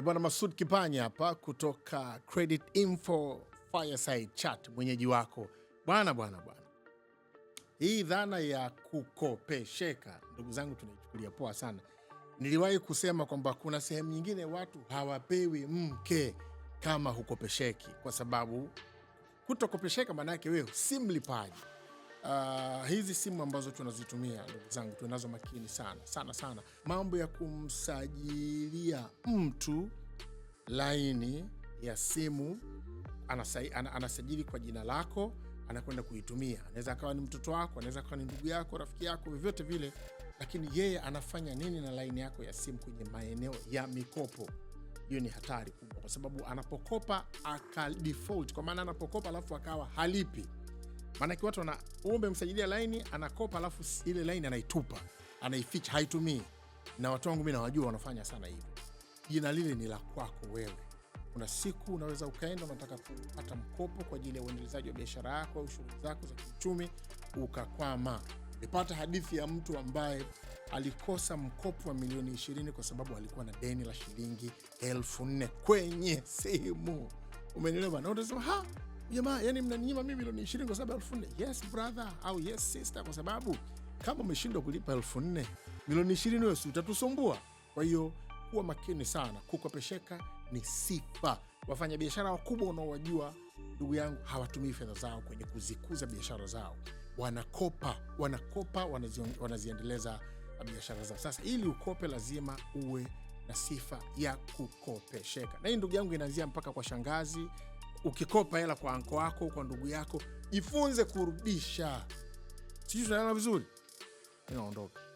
Eh, bwana Masud Kipanya hapa kutoka Credit Info Fireside Chat, mwenyeji wako bwana bwana bwana. Hii dhana ya kukopesheka, ndugu zangu, tunaichukulia poa sana. Niliwahi kusema kwamba kuna sehemu nyingine watu hawapewi mke kama hukopesheki, kwa sababu kutokopesheka maana yake wewe si mlipaji. Uh, hizi simu ambazo tunazitumia ndugu zangu, tuwe nazo makini sana sana sana. Mambo ya kumsajilia mtu laini ya simu, anasai, an, anasajili kwa jina lako, anakwenda kuitumia. Anaweza akawa ni mtoto wako, anaweza akawa ni ndugu yako, rafiki yako, vyovyote vile, lakini yeye anafanya nini na laini yako ya simu kwenye maeneo ya mikopo? Hiyo ni hatari kubwa, kwa sababu anapokopa aka default, kwa maana anapokopa alafu akawa halipi Maanake watu wana umemsajilia laini anakopa, alafu ile laini anaitupa, anaificha, haitumii. Na watu wangu mi nawajua, wanafanya sana hivyo. Jina lile ni la kwako wewe. Kuna siku unaweza ukaenda, unataka kupata mkopo kwa ajili ya uendelezaji wa biashara yako au shughuli zako za kiuchumi, ukakwama. Nipata hadithi ya mtu ambaye alikosa mkopo wa milioni 20 kwa sababu alikuwa na deni la shilingi elfu nne kwenye simu. umenelewa Na utasema jamaa, yani mnaninyima mimi milioni ishirini kwa sababu elfu nne Yes brother au yes sister, kwa sababu kama umeshindwa kulipa elfu nne milioni ishirini wewe utatusumbua. Kwa hiyo kuwa makini sana, kukopesheka ni sifa. Wafanyabiashara wakubwa unaowajua, ndugu yangu, hawatumii fedha zao kwenye kuzikuza biashara zao, wanakopa, wanakopa, wanazi, wanaziendeleza biashara zao. Sasa ili ukope, lazima uwe na sifa ya kukopesheka, na hii ndugu yangu inaanzia mpaka kwa shangazi ukikopa hela kwa anko wako, kwa ndugu yako, jifunze kurudisha. Sijui tunaelewa vizuri? Inaondoka.